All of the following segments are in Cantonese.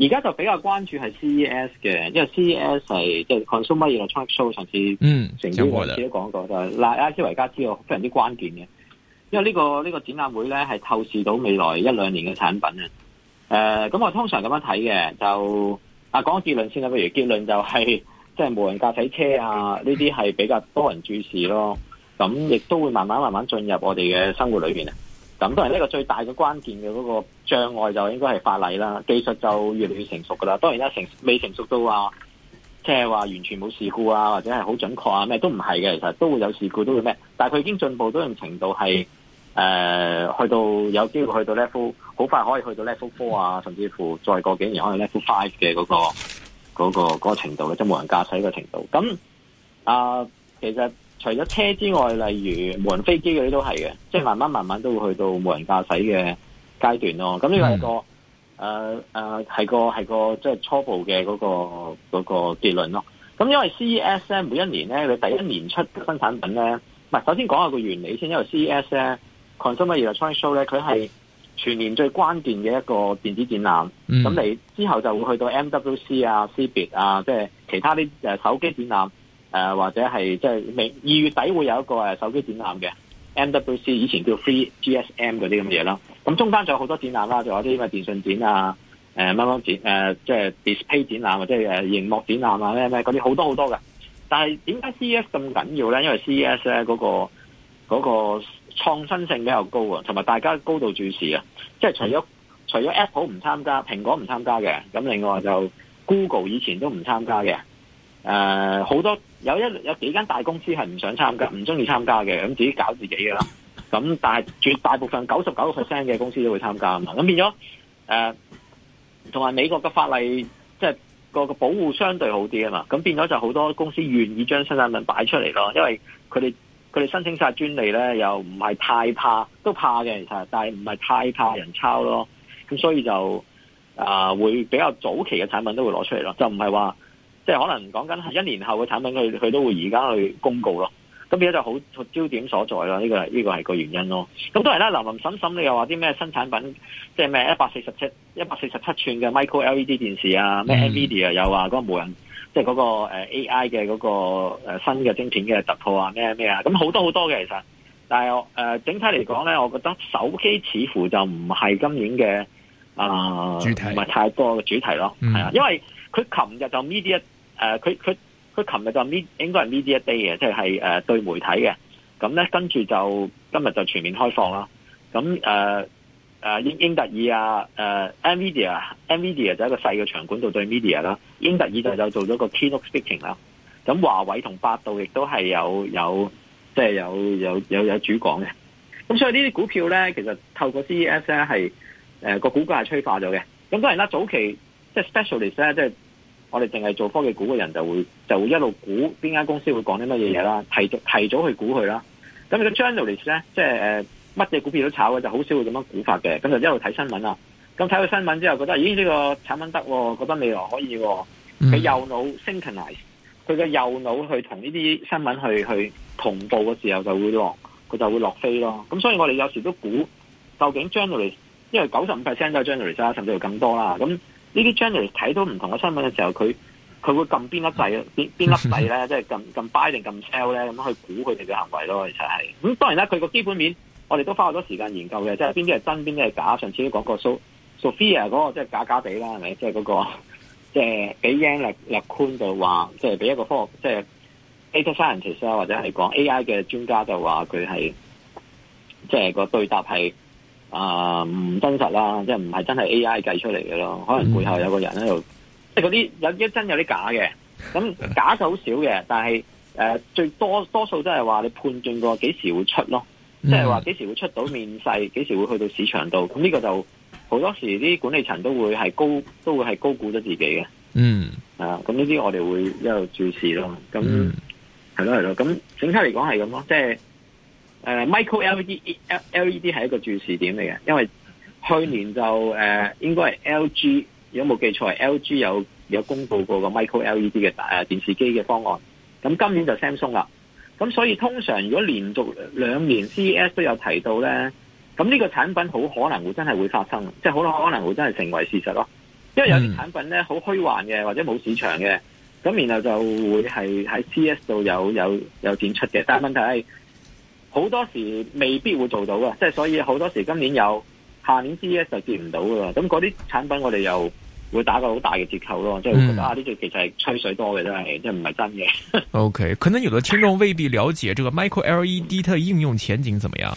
而家就比較關注係 CES 嘅，因為 CES 係即、即係、Consumer Electronics Show，上次嗯，成日都講過，但係拉斯維加斯後非常之關鍵嘅，因為呢、呢個呢、呢個展覽會咧係透視到未來一兩年嘅產品啊。咁、呃、我通常咁樣睇嘅，就啊講結論先啦，譬如結論就係即係無人駕駛車啊呢啲係比較多人注視咯，咁亦都會慢慢慢慢進入我哋嘅生活裏面。啊。咁當然呢個最大嘅關鍵嘅嗰個障礙就應該係法例啦，技術就越嚟越成熟噶啦。當然啦，成未成熟到話即係話完全冇事故啊，或者係好準確啊咩都唔係嘅，其實都會有事故，都會咩？但係佢已經進步到一定程度係誒、呃，去到有機會去到 level，好快可以去到 level four 啊，甚至乎再過幾年可能 level five 嘅嗰、嗰個嗰、嗰個嗰個程度咧，即、就、係、係、無人駕駛嘅程度。咁啊、呃，其實。除咗車之外，例如無人飛機嗰啲都係嘅，即係慢慢慢慢都會去到無人駕駛嘅階段咯。咁呢個係、mm. 呃呃、個誒誒係個係個即係初步嘅嗰個嗰個結論咯。咁因為 CES 咧每一年咧，你第一年出新產品咧，唔係首先講下個原理先，因為 CES 咧 Consumer Electronics Show 咧，佢係全年最關鍵嘅一個電子展覽。咁、mm. 你之後就會去到 MWC 啊、CBIT 啊，即係其他啲誒手機展覽。誒、呃、或者係即係二月底會有一個手機展覽嘅 MWC，以前叫 Free GSM 嗰啲咁嘢啦。咁中間仲有好多展覽啦，仲有啲咩電信展啊、誒乜乜展、呃、即係 display 展覽或者誒熒幕展覽啊，咩咩嗰啲好多好多嘅。但係點解 CES 咁緊要咧？因為 CES 咧、嗰、嗰個嗰、嗰個創新性比較高啊，同埋大家高度注視啊。即係除咗除咗 Apple 唔參加，蘋果唔參加嘅，咁另外就 Google 以前都唔參加嘅。誒，好、呃、多有一有幾間大公司係唔想參加，唔中意參加嘅，咁自己搞自己嘅啦。咁但係絕大部分九十九個 percent 嘅公司都會參加啊嘛。咁變咗誒，同、呃、埋美國嘅法例即係、就是、個個保護相對好啲啊嘛。咁變咗就好多公司願意將新產品擺出嚟咯，因為佢哋佢哋申請晒專利咧，又唔係太怕，都怕嘅其實，但係唔係太怕人抄咯。咁所以就啊、呃，會比較早期嘅產品都會攞出嚟咯，就唔係話。即係可能講緊一年後嘅產品，佢佢都會而家去公告咯。咁而家就好焦點所在囉，呢個係呢個係個原因咯。咁當然啦，林林森森你又話啲咩新產品，即係咩一百四十七一百四十七寸嘅 Micro LED 電視啊，咩 NVIDIA 又話嗰個無人，即係嗰個 AI 嘅嗰個新嘅晶片嘅突破啊，咩咩啊，咁好多好多嘅其實。但係我、呃、整體嚟講咧，我覺得手機似乎就唔係今年嘅啊、呃、主題，唔係太多嘅主題咯。係啊、嗯，因為佢琴日就 media。誒，佢佢佢琴日就呢，應該係 media day 嘅，即係誒對媒體嘅。咁、嗯、咧，跟住就今日就全面開放啦。咁誒誒，英、呃、英特爾啊，誒、呃、Nvidia，Nvidia 就一個細嘅場館度對 media 啦。英特爾就就做咗個 keynote speaking 啦、嗯。咁華為同百度亦都係有有，即係有、就是、有有有，有主講嘅。咁、嗯、所以呢啲股票咧，其實透過 CES 咧係誒個股價係催化咗嘅。咁、嗯、當然啦，早期即係 specialist 咧，即、就、係、是。就是我哋淨係做科技股嘅人就會就會一路估邊間公司會講啲乜嘢嘢啦，提早提早去估佢啦。咁你個 journalist 咧，即係誒乜嘢股票都炒嘅，就好少會咁樣估法嘅。咁就一路睇新聞啦。咁睇到新聞之後，覺得咦，呢個產品得喎，覺得未來可以喎。佢右腦 synchronize 佢嘅右腦去同呢啲新聞去去同步嘅時候就會落，佢就會落飛咯。咁所以我哋有時都估究竟 journalist，因為九十五 percent 都係 journalist 啦，甚至乎更多啦。咁呢啲 j n u r a l e 睇到唔同嘅新聞嘅時候，佢佢會撳邊粒掣，邊邊粒掣咧，即係撳撳 buy 定撳 sell 咧，咁去估佢哋嘅行為咯。其實係咁、嗯，當然啦，佢個基本面我哋都花好多時間研究嘅，即係邊啲係真，邊啲係假。上次都講過蘇 Sophia 嗰、那個即係假假地啦，係咪？即係嗰、就是那個即係俾 Yang 立立坤就話、是，即係俾一個科即係 AI scientist 啊，就是、Scient ist, 或者係講 AI 嘅專家就話佢係即係個對答係。啊，唔、呃、真實啦，即係唔係真係 A.I. 計出嚟嘅咯？可能背後有個人喺度，即係嗰啲有啲真有啲假嘅。咁假就好少嘅，但係、呃、最多多數都係話你判斷過幾時會出咯，即係話幾時會出到面世，幾時會去到市場度。咁呢個就好多時啲管理層都會係高，都會係高估咗自己嘅。嗯，啊，咁呢啲我哋會一路注視咯。咁係咯係咯，咁、嗯、整體嚟講係咁咯，即係。誒 Micro LED L LED 係一個注視點嚟嘅，因為去年就誒、呃、應該係 LG，如果冇記錯，LG 有有公布過個 Micro LED 嘅誒電視機嘅方案。咁今年就 Samsung 啦。咁所以通常如果連續兩年 CES 都有提到咧，咁呢個產品好可能會真係會發生，即係好可能會真係成為事實咯。因為有啲產品咧，好虛幻嘅或者冇市場嘅，咁然後就會係喺 CES 度有有有展出嘅，但係問題係。好多時未必會做到㗎，即係所以好多時今年有，下年 CES 就跌唔到噶啦。咁嗰啲產品我哋又會打個好大嘅折扣咯，即係會覺得啊呢對、嗯、其實係吹水多嘅真係，即係唔係真嘅。O K，可能有嘅聽眾未必了解，這個 micro L E D 嘅應用前景怎麼樣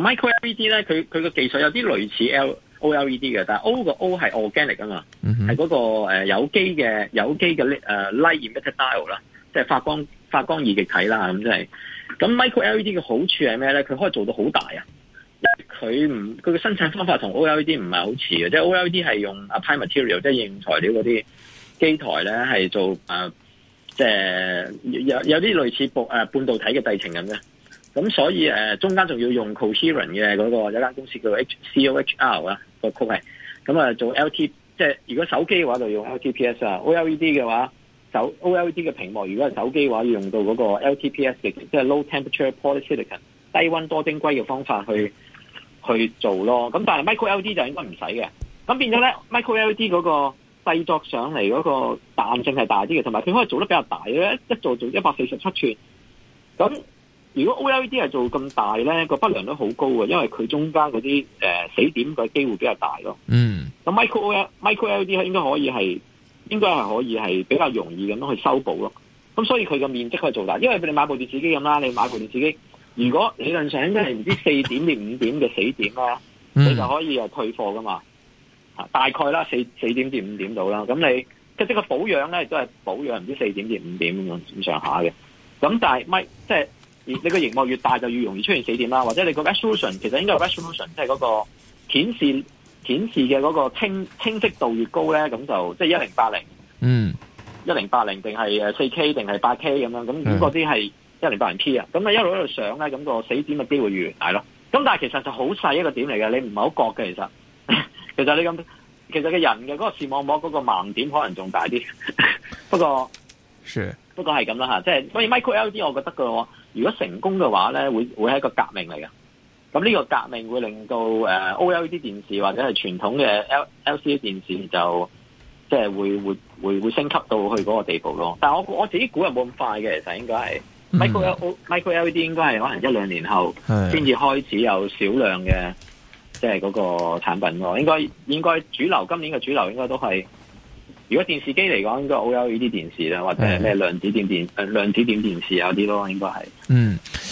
？micro L E D 咧，佢佢個技術有啲類似 O L E D 嘅，但係 O 個 O 係 organic 啊嘛，係嗰、嗯、哼個誒有機嘅有機嘅誒 light emitting diode 啦，即係發光發光二極體啦，咁即係。咁 micro LED 嘅好處係咩咧？佢可以做到好大啊！佢唔佢嘅生產方法同 OLED 唔係好似嘅，即係 OLED 係用 Applied Materials 即係應用材料嗰啲機台咧，係做誒、啊、即係有有啲類似誒半導體嘅製程咁咧。咁所以誒、啊、中間仲要用 Coherent 嘅嗰、嗰個有間間公司叫 HCOHR 啊個曲藝。咁、嗯、啊做 LT 即係如果手機嘅話就用 LTPS 啊，OLED 嘅話。手 O L E D 嘅屏幕，如果係手機嘅話，要用到嗰個 L T P S 即係 low temperature polysilicon 低溫多晶硅嘅方法去去做咯。咁但係 micro L E D 就應該唔使嘅。咁變咗咧，micro L E D 嗰個製作上嚟嗰個彈性係大啲嘅，同埋佢可以做得比較大。佢一做做一百四十七吋。咁如果 O L E D 係做咁大咧，個不良率好高嘅，因為佢中間嗰啲、呃、死點嘅機會比較大咯。嗯、mm.。咁 micro O L micro L E D 應該可以係。應該係可以係比較容易咁樣去修補囉。咁所以佢個面積可以做大，因為你買部電視機咁啦，你買部電視機，如果理論上真係唔知四點至五點嘅死點啦，你就可以係退貨㗎嘛。大概啦，四四點至五點到啦。咁你即係個保養咧，亦都係保養唔知四點至五點咁上下嘅。咁但係咪即係你個熒幕越大就越容易出現死點啦？或者你個 resolution 其實應該係 resolution，即係嗰個顯示。顯示嘅嗰個清清晰度越高咧，咁就即係一零八零，嗯，一零八零定係四 K 定係八 K 咁樣，嗯，咁嗰啲係一零八零 P 啊，咁啊一路一路上咧，咁、個死點嘅機會越大咯。咁但係其實就好細一個點嚟嘅，你唔係好覺嘅其實。其實你咁，其實個人嘅嗰個視網膜嗰個盲點可能仲大啲。 不過，是不過係咁啦吓。即、就、係、是、所以 Micro LED 我覺得嘅，如果成功嘅話咧，會會係一個革命嚟嘅。咁呢個革命會令到誒、uh, OLED 電視或者係傳統嘅 L C D 電視就即係、就是、會會會會升級到去嗰個地步囉。但我，我自己估，又冇咁快嘅，其實應該係 micro、mm. micro LED 應該係可能一兩年後先至開始有少量嘅即係嗰個產品囉。應該應該主流今年嘅主流應該都係，如果電視機嚟講，應該 OLED 電視啦，或者係咩量子點電誒量子點電視有啲囉，應該係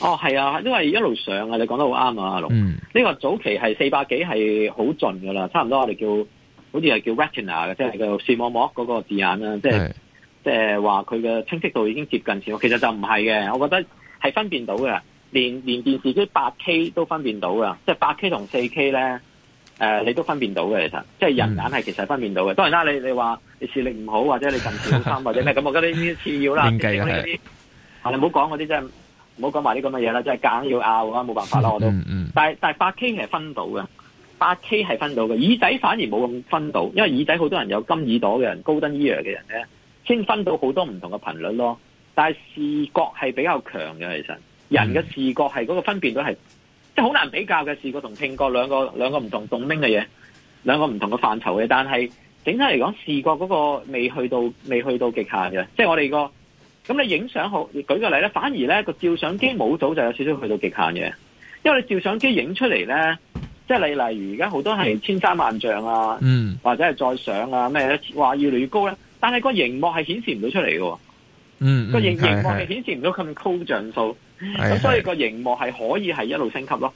哦，係啊，因為一路上啊，你講得好啱啊，阿龍。呢、嗯、個早期係四百幾係好盡噶啦，差唔多我哋叫，好似係叫 retina 嘅，即係叫視網膜嗰個字眼啦，即係即係話佢嘅清晰度已經接近視，其實就唔係嘅，我覺得係分辨到嘅，連連電視機八 K 都分辨到噶，即係八 K 同四 K 咧，誒、呃，你都分辨到嘅其實，即係人眼係其實係分辨到嘅。嗯、當然啦，你你話你視力唔好或者你近視好深 或者咩咁，嗯、那我覺得呢次要啦，係啊，唔好講嗰啲真係。唔好講埋啲咁嘅嘢啦，即係夾硬要拗啊，冇辦法啦，我都。但係但係八 K 係分到嘅，八 K 係分到嘅，耳仔反而冇咁分到，因為耳仔好多人有金耳朵嘅人，golden ear 嘅人咧，先分到好多唔同嘅頻率咯。但係視覺係比較強嘅，其實人嘅視覺係嗰個分辨度係即係好難比較嘅，視覺同聽覺兩個兩個唔同棟冰嘅嘢，兩個唔同嘅範疇嘅。但係整體嚟講，視覺嗰個未去到未去到極限嘅，即係我哋個。咁你影相好，舉個例咧，反而咧個照相機冇到就有少少去到極限嘅，因為你照相機影出嚟咧，即係你例如而家好多係千山萬象啊，嗯、或者係再上啊咩話越嚟越高咧，但係個熒幕係顯示唔到出嚟㗎喎。個熒熒、嗯嗯、幕係顯示唔到咁高像素，咁、嗯、所以個熒幕係可以係一路升級咯。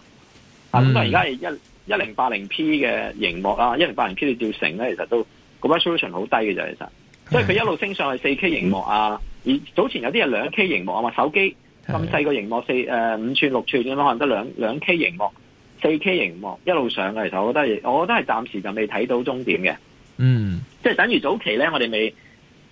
嗯、啊，咁而家係一一零八零 P 嘅熒幕啊，一零八零 P 嘅照成咧，其實都個 resolution 好低嘅啫，其實所以佢一路升上去四 K 熒幕啊。而早前有啲係兩 K 熒幕啊嘛，手機咁細個熒幕四誒五寸六寸咁樣，可能得兩 K 熒幕，四 K 熒幕一路上嘅，其實我，我覺得係、嗯，我覺得係暫時就未睇到終點嘅。嗯，即係等於早期咧，我哋未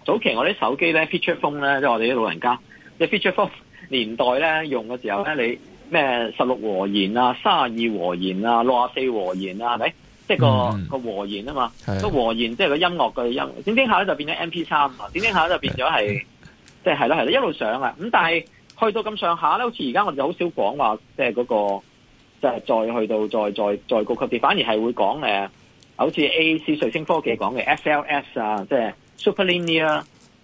早期我啲手機咧，feature phone 咧，即、就、係、是、我哋啲老人家，啲 feature phone 年代咧用嘅時候咧，你咩十六和弦啊、三十二和弦啊、六十四和弦啊，係咪？即、就、係、是、個、嗯、個和弦啊嘛，個的和弦即係個音樂嘅音點點下咧，就變咗 M P 三啊，點點下就變咗係。嗯即係係啦係啦一路上啊咁，但係去到咁上下咧，好似而家我哋就好少講話，即係嗰個即係、就是、再去到再再再高級啲，反而係會講誒，好似 AAC 瑞聲科技講嘅 S. L. S 啊，即係 Superlinear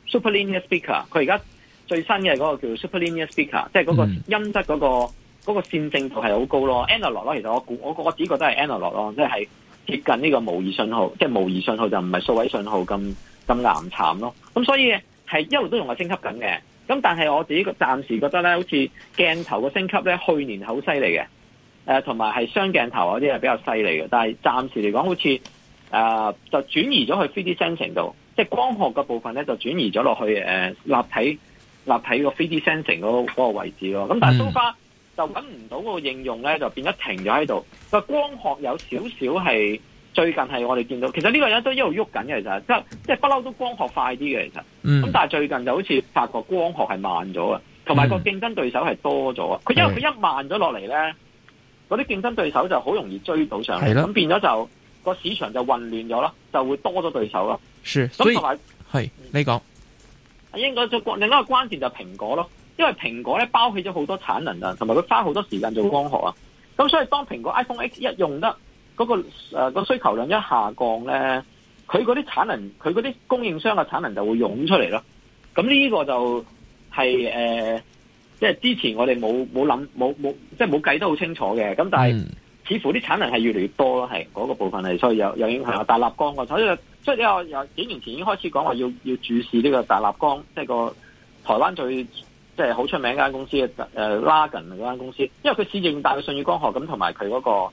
Superlinear Speaker，佢而家最新嘅嗰個叫做 Superlinear Speaker，即係嗰個音質嗰、那個嗰、嗯、個線性度係好高咯，Analog 咯，Anal og，其實我估我我只覺得係 Analog 咯，即係接近呢個模擬信號，即、就、係、是、模擬信號就唔係數位信號咁咁難慘咯，咁所以。係一路都仲係升級緊嘅，咁但係我自己暫時覺得咧，好似鏡頭個升級咧，去年好犀利嘅，誒同埋係雙鏡頭嗰啲係比較犀利嘅，但係暫時嚟講好似誒、呃、就轉移咗去 3D sensing 度，即係光學嘅部分咧就轉移咗落去誒、呃、立體立體個 3D sensing 嗰嗰個位置咯，咁但係蘇花就揾唔到個應用咧，就變咗停咗喺度，個光學有少少係。最近係我哋見到，其實呢個人都一路喐緊嘅，其實即係即係不嬲都光學快啲嘅，其實。咁、嗯、但係最近就好似發覺光學係慢咗啊，同埋個競爭對手係多咗啊。佢、嗯、因為佢一慢咗落嚟咧，嗰啲競爭對手就好容易追到上嚟，咁變咗就個市場就混亂咗咯，就會多咗對手咯。是。咁同埋係你講，應該就另一個關鍵就係蘋果咯，因為蘋果咧包起咗好多產能啊，同埋佢花好多時間做光學啊，咁、嗯、所以當蘋果 iPhone X 一用得。嗰個誒需求量一下降咧，佢嗰啲產能，佢嗰啲供應商嘅產能就會湧出嚟咯。咁呢個就係、是、誒，即、呃、係、就是、之前我哋冇冇諗冇冇，即係冇計得好清楚嘅。咁但係似乎啲產能係越嚟越多咯，係嗰個部分係所以有有影響啊。大立光我睇到，即係有有幾年前已經開始講話要要注視呢個大立光，即係個台灣最即係好出名間公司誒，Largan 嗰間公司，因為佢市盈大嘅舜宇光學，咁同埋佢嗰個。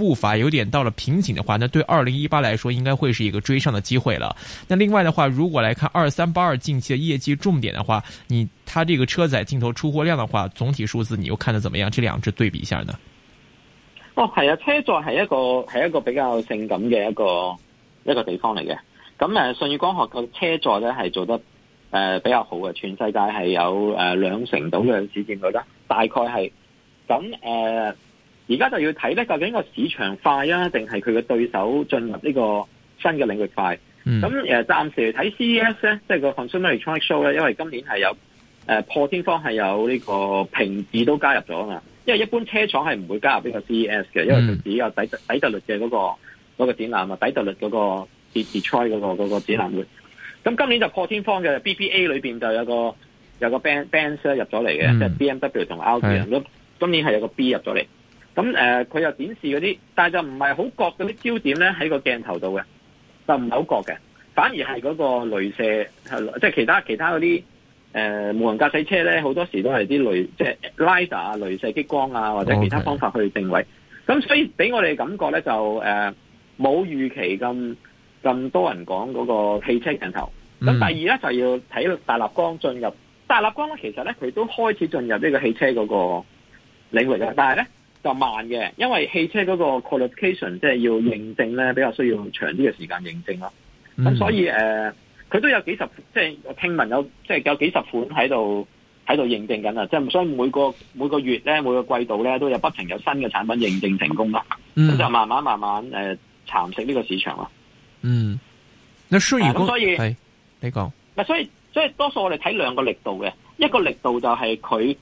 步伐有點到了瓶頸的話，那對二零一八來說，應該會是一個追上的機會了。那另外的話，如果來看二三八二近期的業績重點的話，你它這個車載鏡頭出貨量的話，總體數字你又看得怎麼樣？這兩隻對比一下呢？哦，係啊，車載係一個係一個比較性感嘅一個一個地方嚟嘅。咁誒，舜宇光學個車載咧係做得誒、呃、比較好嘅，全世界係有誒、呃、兩成到兩成幾見到啦，嗯、大概係咁誒。而家就要睇咧，究竟個市場快啊，定係佢嘅對手進入呢個新嘅領域快？咁、嗯呃、暫時睇 CES 咧，即係個 Consumer Electronics Show 咧，因為今年係有、呃、破天荒係有呢個平治都加入咗啊嘛。因為一般車廠係唔會加入呢個 CES 嘅，因為佢自己有底、嗯、底特律嘅嗰、嗰個嗰、嗰個展覽啊嘛，底特律嗰、嗰個 Detroit 嗰、嗰個展覽會。咁、嗯、今年就破天荒嘅 BBA 裏面就有個有個 band band 入咗嚟嘅，即係 BMW 同 a l 今年係有個 B 入咗嚟。咁誒，佢又展示嗰啲，但係就唔係好覺嗰啲焦點咧喺個鏡頭度嘅，就唔係好覺嘅，反而係嗰個雷射，即係其他其他嗰啲誒無人駕駛車咧，好多時都係啲雷即係 LIDAR 啊，雷射激光啊，或者其他方法去定位。咁 Okay. 所以俾我哋感覺咧就誒冇預期咁咁多人講嗰個汽車鏡頭。咁、mm. 第二咧就要睇大立光進入大立光咧，其實咧佢都開始進入呢個汽車嗰個領域嘅，但係咧。就慢嘅，因為汽車嗰個 qualification 即係要認證咧，比較需要長啲嘅時間認證啦。咁、嗯、所以誒，佢、呃、都有幾十，即係聽聞有，即係有幾十款喺度喺度認證緊啊！即係所以每個每個月咧，每個季度咧，都有不停有新嘅產品認證成功啦。咁、嗯、就慢慢慢慢誒蠶食呢個市場啦。嗯，咁所以，、啊、所以你講，所以所以多數我哋睇兩個力度嘅，一個力度就係佢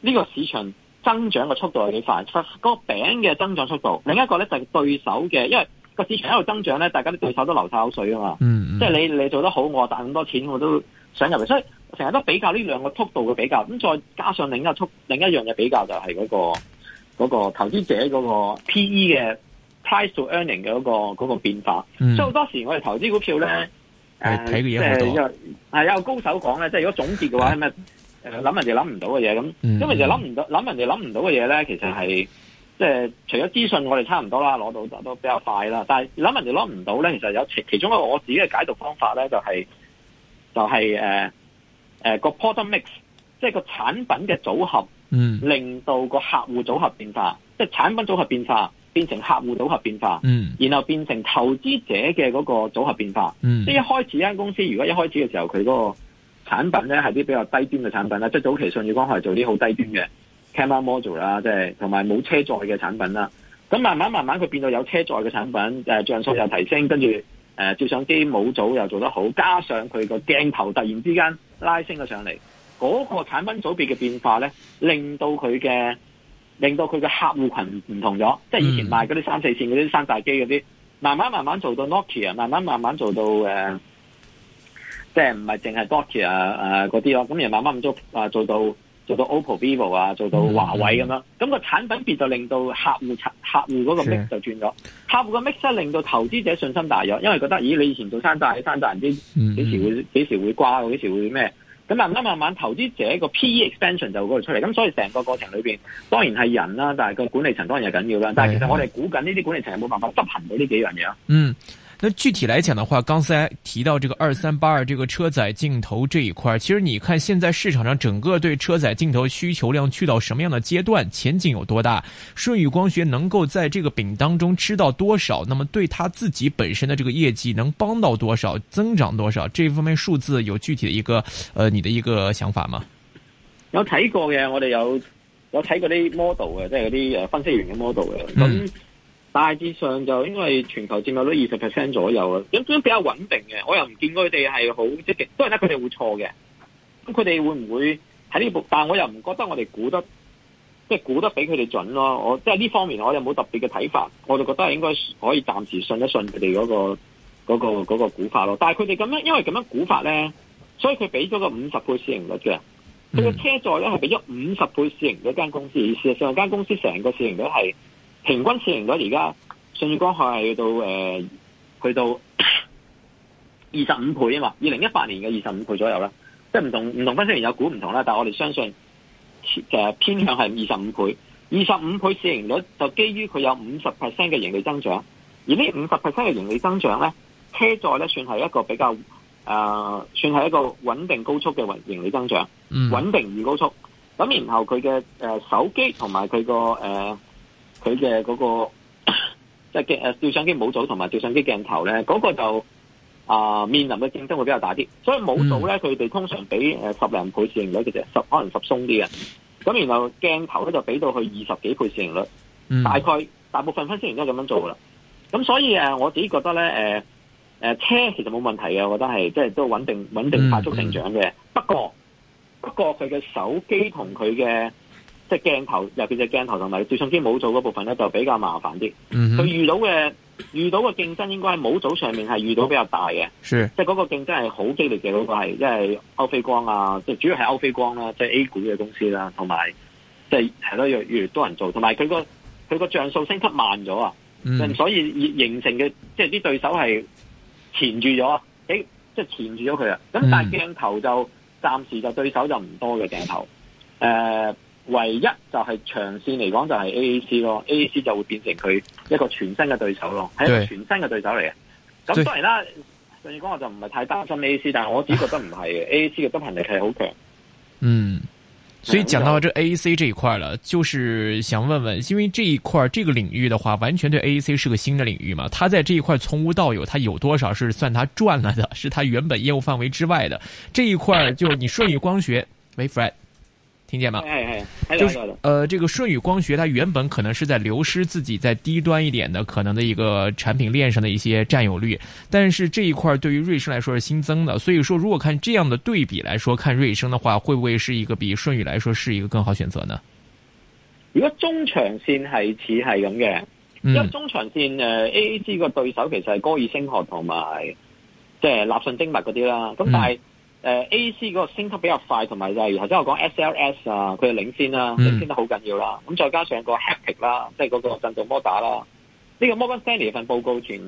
呢個市場。增長嘅速度係幾快？實、那、嗰個餅嘅增長速度，另一個咧就係對手嘅，因為個市場一路增長咧，大家啲對手都流晒口水啊嘛。嗯。即係你你做得好，我賺咁多錢，我都想入嚟，所以成日都比較呢兩個速度嘅比較。咁再加上另一速另一樣嘅比較就係嗰、那個那個投資者嗰個 PE 嘅 price to earning 嘅嗰、那個嗰、那個、變化。嗯。所以好多時我哋投資股票咧，係睇嘅嘢好多。係有個高手講咧，即係如果總結嘅話係咩？諗人哋諗唔到嘅嘢，咁因為就諗唔到諗人哋諗唔到嘅嘢咧，其實係即係除咗資訊，我哋差唔多啦，攞到都比較快啦。但係諗人哋諗唔到咧，其實有其中一個我自己嘅解讀方法咧，就係、係、就係誒誒個 product mix，即係個產品嘅組合，令到個客戶組合變化，嗯、即係產品組合變化變成客戶組合變化，嗯、然後變成投資者嘅嗰個組合變化。嗯、即係一開始間公司，如果一開始嘅時候佢嗰、嗰個。產品咧係啲比較低端嘅產品啦，即係早期舜宇光係做啲好低端嘅 camera module 啦，即係同埋冇車載嘅產品啦。咁慢慢慢慢佢變到有車載嘅產品，誒像素又提升，跟住照相機模組又做得好，加上佢個鏡頭突然之間拉升咗上嚟，嗰、嗰個產品組別嘅變化咧，令到佢嘅令到佢嘅客戶群唔同咗，即係以前賣嗰啲三四線嗰啲山寨機嗰啲，慢慢慢慢做到 Nokia、ok、慢慢慢慢做到誒。呃即係唔係淨係 doctor 啊，誒嗰啲咯，咁你慢慢咁做啊，做到做到 OPPO、vivo 啊，做到華為咁樣，咁、嗯、個產品別，就令到客戶客戶嗰個 mix 就轉咗，的客戶個 mix 令到投資者信心大咗，因為覺得咦你以前做山寨，做山寨唔知幾時會幾時會瓜，幾時會咩？咁慢慢慢慢投資者個 PE extension 就過度出嚟，咁所以成個過程裏邊，當然係人啦，但係個管理層當然係緊要啦。的但係其實我哋估緊呢啲管理層係冇辦法執行到呢幾樣嘢。嗯。那具體來講的話，剛才提到這個二三八二這個車載鏡頭這一塊，其實你看現在市場上整個對車載鏡頭需求量去到什麼樣的階段，前景有多大？順宇光學能夠在這個餅當中吃到多少？那麼對他自己本身的這個業績能幫到多少？增長多少？這一方面數字有具體的一個呃，你的一個想法嗎？有睇過嘅，我哋有有睇過啲 model 嘅，即係嗰啲誒分析員嘅 model 嘅、嗯，咁。大致上就應該係全球佔有率二十 percent 左右啦，咁都比較穩定嘅。我又唔見佢哋係好積極，都係得佢哋會錯嘅。咁佢哋會唔會喺呢部？但我又唔覺得我哋估得，即係估得比佢哋準咯。我即係呢方面，我又冇特別嘅睇法，我就覺得係應該可以暫時信一信佢哋嗰個嗰個嗰個估法咯。但係佢哋咁樣，因為咁樣估法咧，所以佢俾咗個五十倍市盈率嘅，佢個、嗯、車載咧係俾咗五十倍市盈率間公司，而事實上間公司成個市盈率係。平均市盈率而家，信義光學係到誒，去、呃、到二十五倍啊嘛。二零一八年嘅二十五倍左右啦，即係唔同唔同分析師有估唔同啦。但係我哋相信誒、呃、偏向係二十五倍。二十五倍市盈率就基於佢有五十 percent 嘅盈利增長，而呢五十 percent 嘅盈利增長咧，車載咧算係一個比較誒、呃，算係一個穩定高速嘅盈盈利增長，穩、嗯、定而高速。咁然後佢嘅誒手機同埋佢個誒。呃佢嘅嗰個即係鏡誒照相機模組同埋照相機鏡頭咧，嗰、那個就啊、呃，面臨嘅競爭會比較大啲。所以模組咧，佢哋、嗯、通常俾誒、呃、十零倍市盈率，其實十可能十鬆啲嘅。咁然後鏡頭咧就俾到去二十幾倍市盈率，嗯、大概大部分分析員都係咁樣做啦。咁所以誒、啊、我自己覺得咧，誒、呃、誒、呃、車其實冇問題嘅，我覺得係即係都穩定穩定快速成長嘅、嗯嗯。不過不過佢嘅手機同佢嘅。即係鏡頭入邊隻鏡頭同埋照相機模組嗰部分咧，就比較麻煩啲。佢、mm hmm. 遇到嘅遇到嘅競爭，應該係模組上面係遇到比較大嘅、mm hmm.。即係嗰個競爭係好激烈嘅嗰個係，即係歐菲光啊，即係主要係歐菲光啦、啊，即、就、係、是、A 股嘅公司啦、啊，同埋即係係咯越越多人做，同埋佢個佢個像素升級慢咗啊，mm hmm. 所以形成嘅即係啲對手係纏住咗，誒、哎，即係纏住咗佢啊，咁但係鏡頭就暫、mm hmm. 時就對手就唔多嘅鏡頭，誒、呃。唯一就係、是、長線嚟講就係 A A C 咯，A A C 就會變成佢一個全新嘅對手咯，係對一個全新嘅對手嚟嘅。咁以當然啦，順義光學我就唔係太擔心 A A C，但係我自己覺得唔係 A A C 嘅執行力係好強。嗯，所以講到這 A A C 呢一塊啦，就是想問問，因為這一塊這個領域的話，完全對 A A C 是個新嘅領域嘛？他在這一塊從無到有，他有多少是算他賺了的？是他原本業務範圍之外的這一塊？就你順義光學， 聽見嗎？是是就是，是，是呃，這個舜宇光學，它原本可能是在流失自己在低端一點的可能的一個產品鏈上的一些占有率，但是這一塊對於瑞聲來說是新增的。所以說，如果看這樣的對比來說，看瑞聲的話，會不會是一個比舜宇來說是一個更好選擇呢？如果中長線係似係咁嘅，因為中長線、呃、AAC 個對手其實係歌爾聲學同埋即係納信精密嗰啲啦，咁但係、嗯。誒 A C 嗰個升級比較快，同埋例如頭先我講 S L S 啊，佢係領先啦、啊，嗯、領先得好緊要啦。咁再加上個 Haptic 啦，即係嗰個震動摩打啦。呢、呢個 Morgan Stanley 份報告前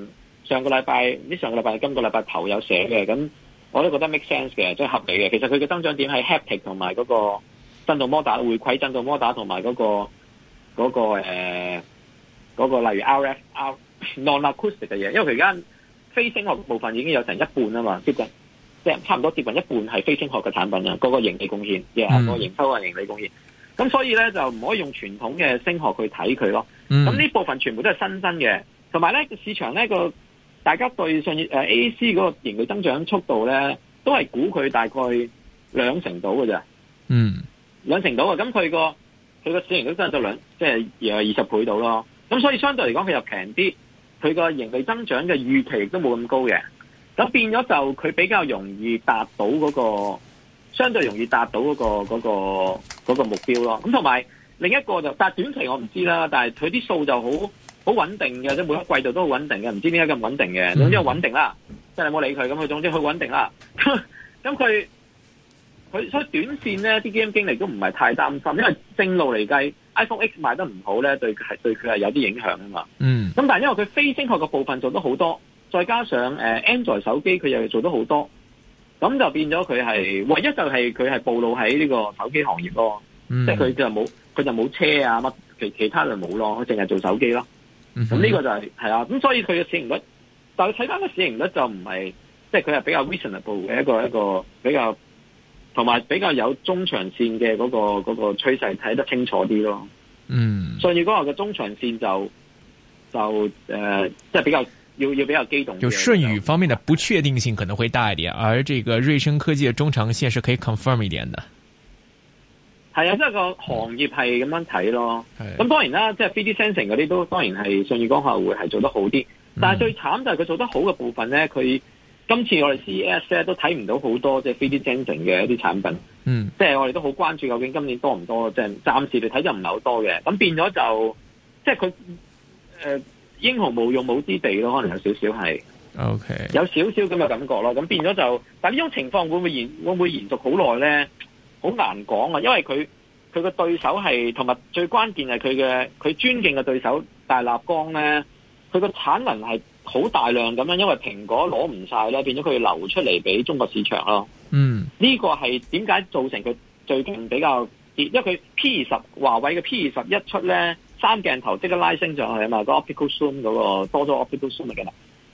上個禮拜，呢上個禮拜,個禮拜今個禮拜頭有寫嘅，咁我都覺得 make sense 嘅，即係合理嘅。其實佢嘅增長點係 Haptic 同埋嗰個震動摩打，回饋震動摩打同埋嗰個嗰、嗰個誒嗰、呃嗰個例如 R F R non acoustic 嘅嘢，因為佢而家非聲學部分已經有成一半啊嘛，接近。即係差唔多接近一半，係非升學嘅產品啊！嗰個盈利貢獻，亦係、mm. 個，個營收啊，盈利貢獻。咁所以咧，就唔可以用傳統嘅升學去睇佢咯。咁呢、mm. 部分全部都係新增嘅，同埋咧個市場咧個大家對上誒 A C 嗰個盈利增長速度咧，都係估佢大概兩成到嘅啫。嗯、mm.，兩成到啊！咁佢個佢個市盈率都係到兩，即係二十倍到咯。咁所以相對嚟講，佢又平啲，佢個盈利增長嘅預期亦都冇咁高嘅。咁變咗就佢比較容易達到嗰、嗰個，相對容易達到嗰、嗰個嗰嗰、嗰個嗰個、目標咯。咁同埋另一個就，但係短期我唔知啦。但係佢啲數就好好穩定嘅，即係每一季度都好穩定嘅，唔知點解咁穩定嘅。嗯、定總之穩定啦，即係你冇理佢咁。佢總之佢穩定啦。咁佢佢所以短線咧啲基金經理都唔係太擔心，因為正路嚟計 iPhone X 賣得唔好咧，對係對佢係有啲影響啊嘛。嗯。咁但係因為佢非正確嘅部分做得好多。再加上誒 Android 手機，佢又做得好多，咁就變咗佢係唯一就係佢係暴露喺呢個手機行業咯，mm hmm. 即係佢就冇佢就冇車啊乜其其他就冇咯，佢淨係做手機咯。咁呢、mm hmm. 個就係、是、係啊，咁所以佢嘅市盈率，但係睇翻個市盈率就唔係，即係佢係比較 reasonable 嘅一個，mm hmm. 一個一個比較同埋比較有中長線嘅嗰、那個嗰、那個趨勢睇得清楚啲咯。嗯、mm，所以如果話嗰個嘅中長線就就誒即係比較。要要比較機動，就順宇方面的不確定性可能會大一點，嗯、而這個瑞聲科技的中長線是可以 confirm 一點的。係啊，即、這、係個行業係咁樣睇咯。咁、嗯、當然啦，嗯、即係 3D sensing 嗰啲都當然係順宇光學會係做得好啲。但係最慘就係佢做得好嘅部分呢。佢今次我哋 CES 都睇唔到好多即係 3D sensing 嘅一啲產品。嗯，即係我哋都好關注究竟今年多唔多，即係暫時嚟睇，就唔係好多嘅。咁變咗就即係佢誒。呃英雄無用武之地咯，可能有少少係，OK，有少少咁嘅感覺咯。咁變咗就，但係呢種情況會唔會延會唔會延續好耐咧？好難講啊，因為佢佢嘅對手係同埋最關鍵係佢嘅佢尊敬嘅對手大立光咧，佢個產能係好大量咁樣，因為蘋果攞唔晒咧，變咗佢要流出嚟俾中國市場咯。嗯，呢個係點解造成佢最近比較跌？因為佢 P 十華為嘅 P 十一出咧。三鏡頭即刻拉升上去啊嘛，個 Optical Zoom 嗰個 Optical Zoom 嗰個多咗 Optical Zoom 嚟嘅啦。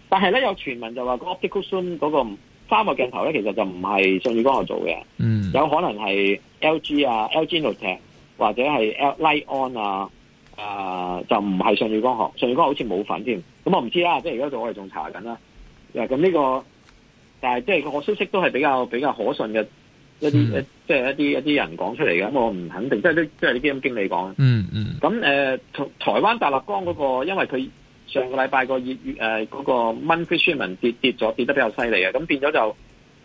但係咧，有傳聞就話個 Optical Zoom 嗰個三個鏡頭咧，其實就唔係舜宇光學做嘅，嗯、有可能係 LG 啊 LG Innotek 或者係 Lite-On 啊，呃、就唔係舜宇光學，舜宇光好似冇份添。咁我唔知啦、啊，即係而家我哋仲查緊啦。咁呢、呢個，但係即係個消息都係比較比較可信嘅。一啲即係一啲、就是、一啲人講出嚟嘅，咁我唔肯定，即係啲啲基金經理講、嗯。嗯咁誒、呃，台灣大立光嗰、那個，因為佢上個禮拜個業月誒嗰、呃那個 monthly shipment 跌跌咗，跌得比較犀利啊，咁變咗就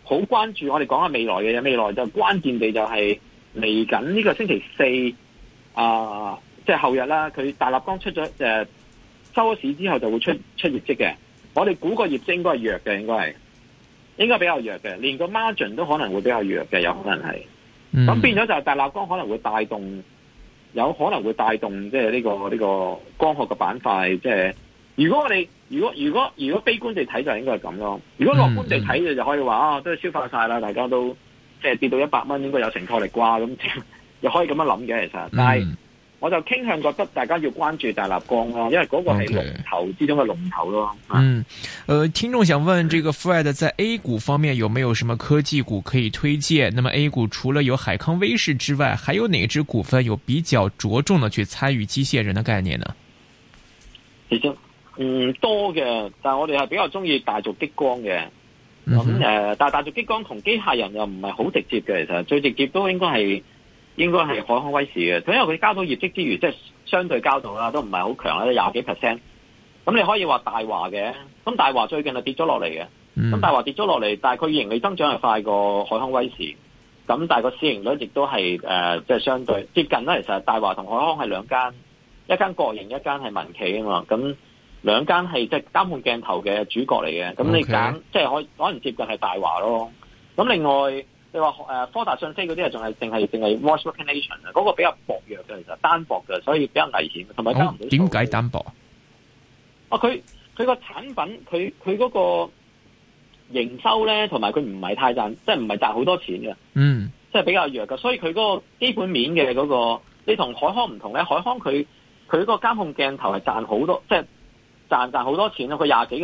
好關注。我哋講下未來嘅嘢，未來就關鍵地就係嚟緊呢個星期四啊，即、呃、係、就是、後日啦。佢大立光出咗誒、呃、收咗市之後就會出出業績嘅，我哋估個業績應該係弱嘅，應該係。應該比較弱嘅，連個 margin 都可能會比較弱嘅，有可能係。咁變咗就係大立光可能會帶動，有可能會帶動即係呢個呢個光學嘅板塊。即係如果我哋如果如果如果，如果悲觀地睇就應該係咁咯。如果樂觀地睇嘅就可以話啊、嗯哦，都消化曬啦，嗯、大家都即係跌到一百蚊應該有承托力啩。咁又可以咁樣諗嘅其實，但係我就傾向覺得大家要關注大立光咯，因為嗰個係龍頭之中嘅龍頭咯。Okay. 嗯，呃，聽眾想問，這個 Fred 在 A 股方面有沒有什麼科技股可以推薦？那麼 A 股除了有海康威視之外，還有哪支股份有比較着重的去參與機械人嘅概念呢？其實唔多嘅，但係我哋係比較中意大族激光嘅。咁誒、嗯哼嗯呃，但係大族激光同機械人又唔係好直接嘅，其實最直接都應該係。應該係海康威視嘅，咁因為佢交到業績之餘，即係相對交到啦，都唔係好強啦，廿幾 percent。咁你可以話大華嘅，咁大華最近係跌咗落嚟嘅，咁、嗯、大華跌咗落嚟，但係佢盈利增長係快過海康威視，咁但係個市盈率亦都係誒即係相對接近啦。其實大華同海康係兩間，一間國營，一間係民企啊嘛。咁兩間係即係監控鏡頭嘅主角嚟嘅，咁你揀 Okay. 即係可可能接近係大華咯。咁另外。你話誒、啊，科大訊飛嗰啲啊，仲係淨係淨係 voice recognition 啊，嗰，那個比較薄弱嘅，其實單薄嘅，所以比較危險。同埋點解單薄啊？啊，佢佢個產品，佢佢嗰個營收咧，同埋佢唔係太賺，即係唔係賺好多錢嘅。嗯，即係比較弱嘅，所以佢嗰個基本面嘅嗰，那個，你同海康唔同咧，海康佢佢嗰個監控鏡頭係賺好多，即係賺賺好多錢咯。佢廿幾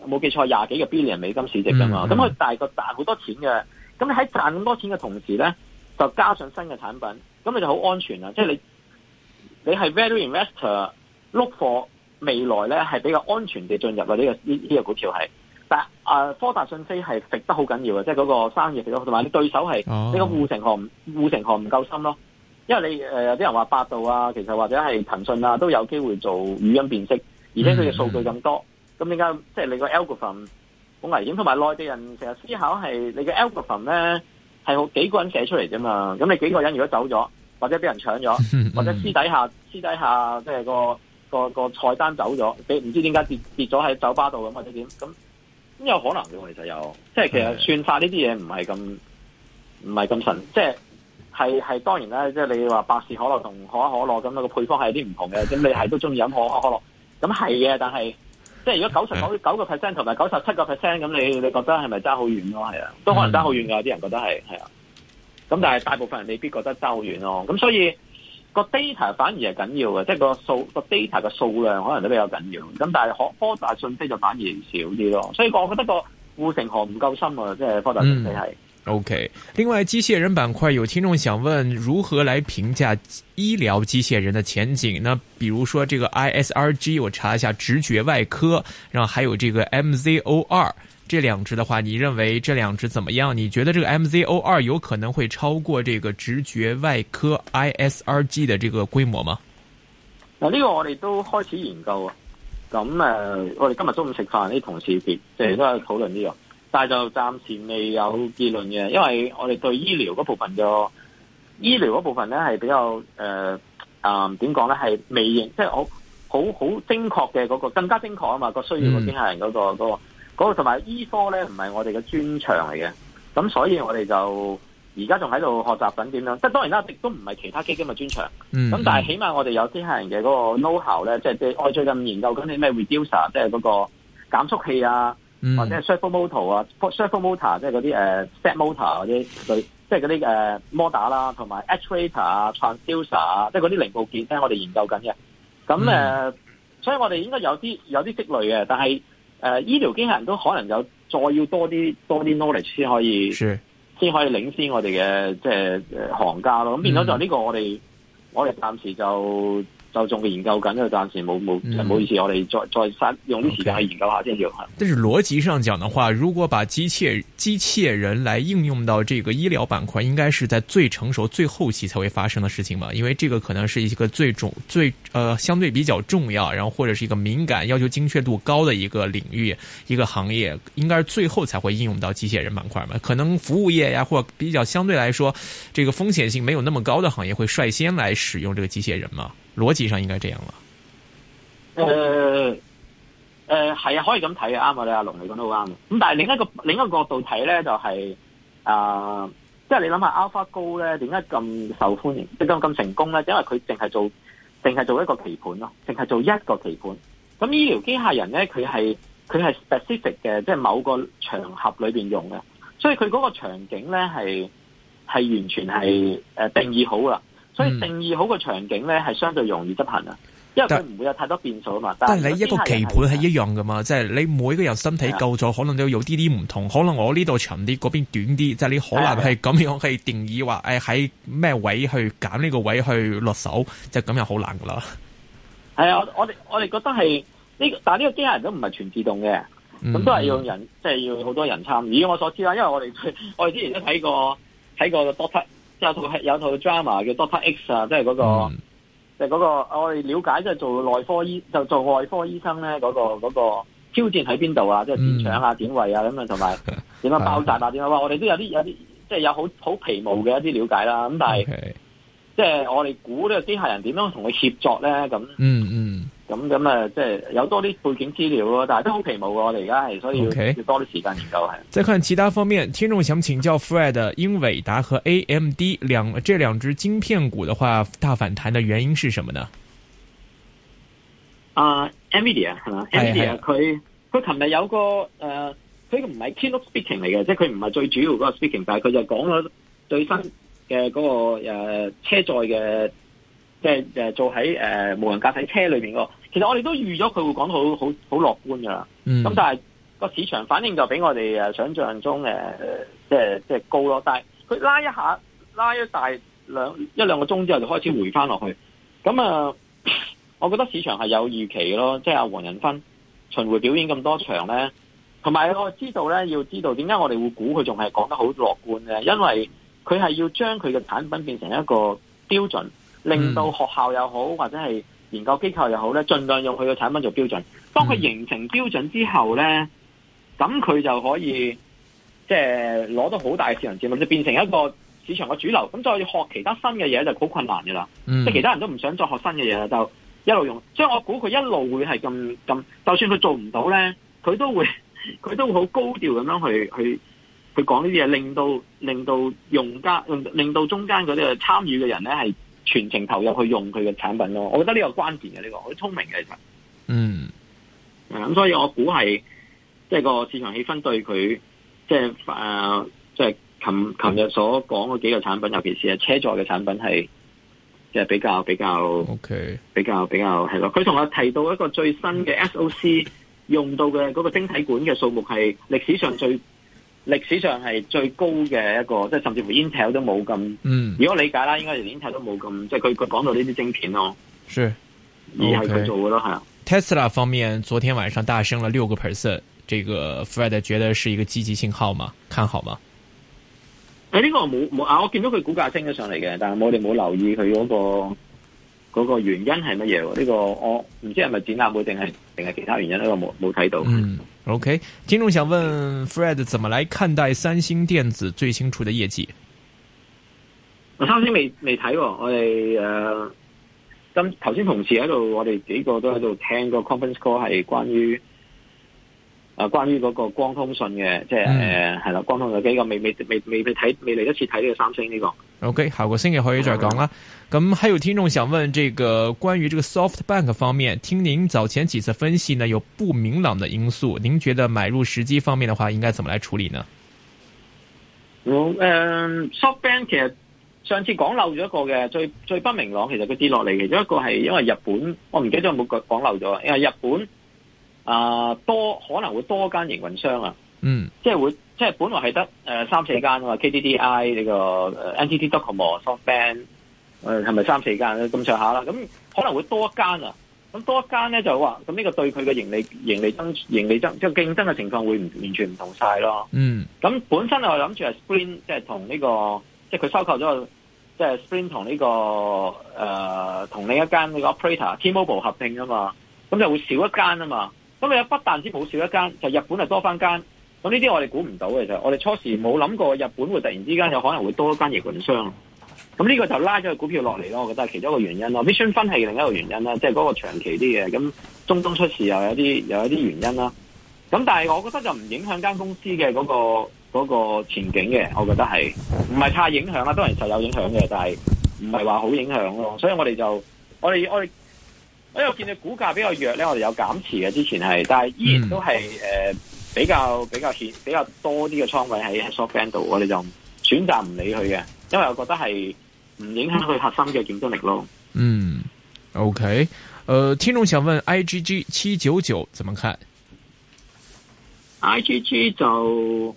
個冇記錯廿幾個 billion 美金市值噶嘛，咁佢，嗯嗯、大個賺好多錢嘅。咁你喺賺咁多錢嘅同時咧，就加上新嘅產品，咁你就好安全啦。即係你，你係 Value Investor look for 未來咧，係比較安全地進入啊，呢、這個呢呢、這個股票係。但、呃、科大訊飛係食得好緊要嘅，即係嗰個生意嚟咯。同埋你對手係呢個護城河唔護城河唔夠深咯。因為你、呃、有啲人話百度啊，其實或者係騰訊啊都有機會做語音辨識，而且佢嘅數據咁多。咁點解即係你個 algorithm 好危險，同埋內地人其實思考係你嘅 algorithm 咧係好幾個人寫出嚟啫嘛？咁你幾個人如果走咗，或者俾人搶咗，或者私底下 私底下即係個個個菜單走咗，俾唔知點解跌跌咗喺酒吧度咁或者點？咁咁有可能嘅，其實有，即係其實算法呢啲嘢唔係咁唔係咁神，即係係係當然啦。即係你話百事可樂同可口可樂咁樣、個配方係有啲唔同嘅，咁 你係都中意飲可口可樂，咁係嘅，但係。即係如果九十九九個 percent 同埋九十七個 percent，咁你你覺得係咪爭好遠咯、啊？係啊，都可能爭好遠㗎。有啲人覺得係係啊，咁但係大部分人未必覺得爭好遠咯、啊。咁所以個 data 反而係緊要嘅，即係個數個 data 嘅數量可能都比較緊要。咁但係科科大訊飛就反而少啲咯、啊。所以我覺得個護城河唔夠深啊，即係科大訊飛係。嗯 OK，另外機械人板塊有聽眾想問，如何來評價醫療機械人的前景呢？那比如說這個 ISRG，我查一下直覺外科，然後還有這個 MZOR 這兩隻的話，你認為這兩隻怎麼樣？你覺得這個 MZOR 有可能會超過這個直覺外科 ISRG 的這個規模嗎？嗱呢個我哋都開始研究啊。咁誒、呃，我哋今日中午食飯啲同事別，即係都係討論呢、這、樣、個。但就暫時未有結論嘅，因為我哋對醫療嗰部分嘅醫療嗰部分咧係比較誒啊點講咧係未認，即係我好好精確嘅嗰、嗰個更加精確啊嘛，嗰個需要、嗰個機械人嗰個嗰、嗰個嗰同埋醫科咧唔係我哋嘅專長嚟嘅，咁所以我哋就而家仲喺度學習緊點樣，即係當然啦，亦都唔係其他基金嘅專長，咁、嗯、但係起碼我哋有機械人嘅嗰個 know-how 呢，即係我最近研究緊啲咩 reducer，即係嗰個減速器啊。或者係 shuffle motor 啊、mm.，shuffle motor 即係嗰啲誒 set motor 嗰啲，即係嗰、uh, 啲誒 motor 啦，同埋 actuator 啊、transducer 啊，即係嗰啲零部件咧，我哋研究緊嘅。咁誒，mm. uh, 所以我哋應該有啲有啲積累嘅，但係誒、uh, 醫療機器人都可能有再要多啲多啲 knowledge 先可以，先 Sure. 可以領先我哋嘅即係誒行家咯。咁變咗就呢個我哋，mm. 我哋暫時就。就嘅研究緊，因為暫時冇冇，唔好意思，我哋再再用啲時間去研究下先住。但是邏輯上講的話，如果把機械機械人來應用到這個醫療板塊，應該是在最成熟、最後期才會發生的事情嘛？因為這個可能是一個最重、最呃相對比較重要，然後或者是一個敏感、要求精確度高的一個領域、一個行業，應該最後才會應用到機械人板塊嘛？可能服務業呀、啊，或比較相對來說，這個風險性沒有那麼高的行業，會率先來使用這個機械人嘛？邏輯上應該這樣嘛、啊？誒誒、呃，係、呃、啊，可以咁睇啊，啱啊，你阿龍你講得好啱啊。咁但係另一個另一個角度睇咧，就係、是、啊，即、呃、係、就是、你諗下 AlphaGo 咧，點解咁受歡迎，即係咁咁成功咧？因為佢淨係做，淨係做一個棋盤咯，淨係做一個棋盤。咁醫療機械人咧，佢係佢係 specific 嘅，即、就、係、是、某個場合裏邊用嘅，所以佢嗰個場景咧係係完全係誒、呃、定義好啦。所以定義好個場景咧，係相對容易執行啊，因為佢唔會有太多變數啊嘛。但係你一個棋盤係一樣噶嘛，即係你每個人身體夠咗，的可能都有啲啲唔同。可能我呢度長啲，嗰邊短啲，即係你可能係咁樣去定義話，誒喺咩位去揀呢個位去落手，就咁、是、樣好難噶啦。係啊，我哋我哋覺得係呢，但係呢個機械人都唔係全自動嘅，咁、嗯、都係要人，即係要好多人參與。以我所知啦，因為我哋 我哋之前都睇過睇過多有套有套 drama 叫 Doctor X 啊，嗰個，即係嗰個即係嗰個我哋了解即係做內科醫就做外科醫生咧，嗰個嗰個挑戰喺邊度啊，即係剪腸啊點位啊咁啊，同埋點樣爆炸啊點 樣話我哋都有啲有啲即係有好好皮毛嘅一啲了解啦，咁但係 Okay. 即係我哋估呢個機械人點樣同佢協作咧咁。咁咁啊，即係有多啲背景資料咯，但係都好期望我哋而家係所以要多啲時間研究係。再看其他方面，聽眾想請教 Fred，英偉達和 AMD 兩呢兩支晶片股嘅話，大反彈嘅原因是什麼呢？啊 NVIDIA 係嘛 NVIDIA 啊，佢佢琴日有個誒，佢唔係 Keynote Speaking 嚟嘅，即係佢唔係最主要嗰個 Speaking，但係佢就講咗最新嘅嗰個誒、呃、車載嘅，即係誒做喺誒無人駕駛車裏面個。其實我哋都預咗佢會講到好好好樂觀㗎喇，咁、嗯、但係個市場反應就比我哋想象中即係即係高咯。但係佢拉一下，拉一大兩一兩個鐘之後就開始回返落去。咁啊、呃，我覺得市場係有預期咯。即係阿黃仁勳巡迴表演咁多場咧，同埋我知道咧，要知道點解我哋會估佢仲係講得好樂觀咧，因為佢係要將佢嘅產品變成一個標準，令到學校又好或者係。研究機構又好咧，盡量用佢個產品做標準。當佢形成標準之後咧，咁佢、嗯、就可以即係攞到好大嘅市場佔有，就變成一個市場嘅主流。咁再學其他新嘅嘢就好困難嘅啦。即係、嗯、其他人都唔想再學新嘅嘢啦，就一路用。所以我估佢一路會係咁咁，就算佢做唔到咧，佢都會佢都會好高調咁樣去去去講呢啲嘢，令到令到用家用令到中間嗰啲嘅參與嘅人咧係。全程投入去用佢嘅產品咯，我覺得呢個關鍵嘅呢個好聰明嘅其實的嗯。咁、嗯、所以我估係即係個市場氣氛對佢，即係誒即係琴琴日所講嗰幾個產品，尤其是係車載嘅產品係即係比較比較 OK，比較比較係咯。佢同我提到一個最新嘅 SOC 用到嘅嗰個晶體管嘅數目係歷史上最。歷史上係最高嘅一個，即係甚至乎 Intel 都冇咁。嗯、如果理解啦，應該連 Intel 都冇咁，即係佢佢講到呢啲晶片咯。係是，而係佢做嘅咯，係 okay. 是。Tesla 方面，昨天晚上大升咗六個 percent，這個 Fred 覺得是一個積極信號嗎？看好嗎？誒、哎，呢、這個冇冇啊！我見到佢股價升咗上嚟嘅，但係我哋冇留意佢嗰、那個、那個原因係乜嘢？呢、這個我唔知係咪展覽會定係定係其他原因，呢個冇冇睇到。嗯 O、okay, K，聽眾想問 Fred，怎麼來看待三星電子最新出的業績？我三星未未睇喎，我哋誒今頭先同事喺度，我哋幾個都喺度聽個 conference call 係關於。啊，關於嗰個光通訊嘅，即係誒，係啦、嗯，光通訊有幾個未未未未未睇未嚟得切睇呢個三星呢、這個。OK，下個星期可以再講啦。咁、嗯，那還有聽眾想問，這個關於這個 Soft Bank 方面，聽您早前幾次分析呢，有不明朗的因素，您覺得買入時機方面的話，應該怎麼來處理呢？我誒、嗯呃、，Soft Bank 其實上次講漏咗一個嘅，最最不明朗其，其實佢跌落嚟，其中一個係因為日本，我唔記得有冇講講漏咗，因為日本。啊，多可能會多一間營運商啊，嗯、mm.，即係會即係本來係得誒三四間啊嘛，KDDI 呢、這個 N T T docomo Soft、呃、SoftBank，誒係咪三四間咧啊？咁上下啦，咁可能會多一間啊，咁多一間咧就話，咁呢個對佢嘅盈利、盈利增、盈利增，即係競爭嘅情況會唔完全唔同晒咯。嗯，咁本身呢我諗住係 Sprint，即係同呢個，即係佢收購咗，即、就、係、是、Sprint 同呢、這個誒同、呃、另一間呢、這個 operator T-Mobile 合併啊嘛，咁就會少一間啊嘛。咁你不但止冇少一間，就係、日本啊多翻間。咁呢啲我哋估唔到嘅就，我哋初時冇諗過日本會突然之間有可能會多一間營運商。咁呢個就拉咗個股票落嚟咯。我覺得係其中一個原因咯。Mission 分係另一個原因啦，即係嗰個長期啲嘅。咁中東出事又有啲，有啲原因啦。咁但係我覺得就唔影響間公司嘅嗰、嗰個嗰個前景嘅，我覺得係唔係太影響啦？當然就有影響嘅，但係唔係話好影響咯。所以我哋就我哋我哋。我又見到股價比較弱咧，我哋有減持嘅之前係，但係依然都係誒比較、嗯、比較比較，比較多啲嘅倉位喺 SoftBank 度，我哋就選擇唔理佢嘅，因為我覺得係唔影響佢核心嘅競爭力咯。嗯，OK，誒、呃，聽眾想問 IGG 七九九怎麼看？IGG 就誒、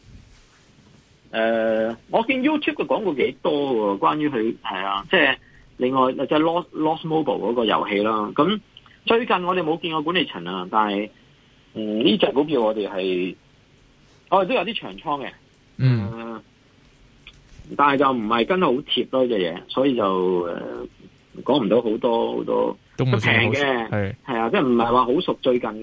呃，我見 YouTube 嘅廣告幾多喎、啊，關於佢係啊，即係。另外，就係 Lost Lost Mobile 嗰個遊戲啦，咁最近我哋冇見過管理層啊，但係嗯呢隻股票我哋係我哋都有啲長倉嘅，嗯，是嗯呃、但係就唔係跟得好貼咯隻嘢，所以就誒講唔到好多好多都平嘅，係係啊，即係唔係話好熟的最近嗰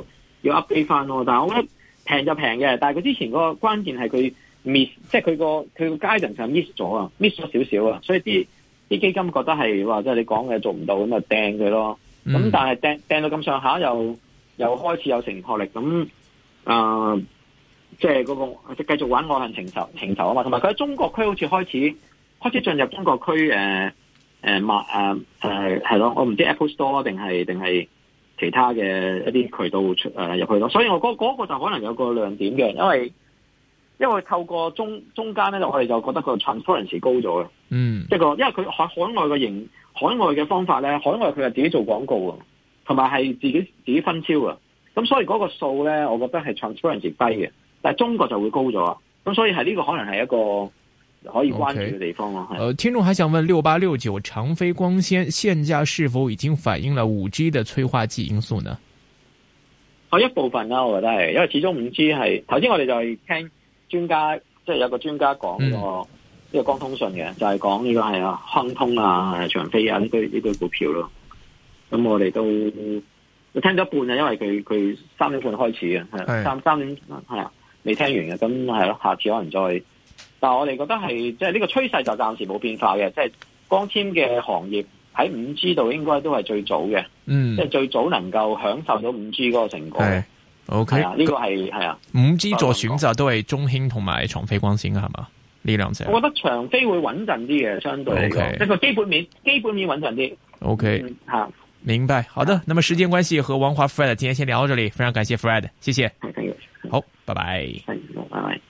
個要 update 翻咯，但係我覺得平就平嘅，但係佢之前嗰個關鍵係佢 miss，即係佢個佢個 guidance 就 miss 咗啊，miss 咗少少啊，所以啲。啲基金覺得係話即係你講嘅做唔到咁就掟佢咯，咁、嗯嗯、但係掟掟到咁上下又又開始有承托力咁啊，即係嗰個繼續玩愛恨情仇情仇啊嘛，同埋佢喺中國區好似開始開始進入中國區誒誒賣誒誒係咯，我唔知 Apple Store 定係定係其他嘅一啲渠道出誒入去咯，所以我嗰嗰個就可能有個亮點嘅，因為。因為透過中中間咧，我哋就覺得個 transparency 高咗嘅，即係個因為佢海海外嘅營海外嘅方法咧，海外佢係自己做廣告啊，同埋係自己自己分銷啊，咁所以嗰個數咧，我覺得係 transparency 低嘅，但係中國就會高咗，咁所以係呢、這個可能係一個可以關注嘅地方咯。Okay. 是呃，聽眾還想問六八六九長飛光纖現價是否已經反映了五 G 的催化劑因素呢？係、哦、一部分啦、啊，我覺得係，因為始終五 G 係頭先我哋就係聽。專家即係有個專家講過，呢個光通訊嘅，嗯、就係講呢個係啊亨通啊、長飛啊呢堆呢堆股票咯、啊。咁我哋都我、嗯、聽咗一半啊，因為佢佢三點半開始嘅，係、嗯、三三點係啊，未聽完嘅。咁係咯，下次可能再。但係我哋覺得係即係呢個趨勢就暫時冇變化嘅，即、就、係、是、光纖嘅行業喺五 G 度應該都係最早嘅，嗯、即係最早能夠享受到五 G 嗰個成果。嗯 OK，呢個係係啊，五 G 做選擇都係中興同埋長飛光線嘅係嘛？呢兩隻，我覺得長飛會穩陣啲嘅，相對嚟講，即個 OK。基本面，基本面穩陣啲。OK，吓，嗯，啊，明白。好的，那麼時間關係，和王華 Fred 今天先聊到這裏，非常感謝 Fred，謝謝。好，拜拜。拜拜。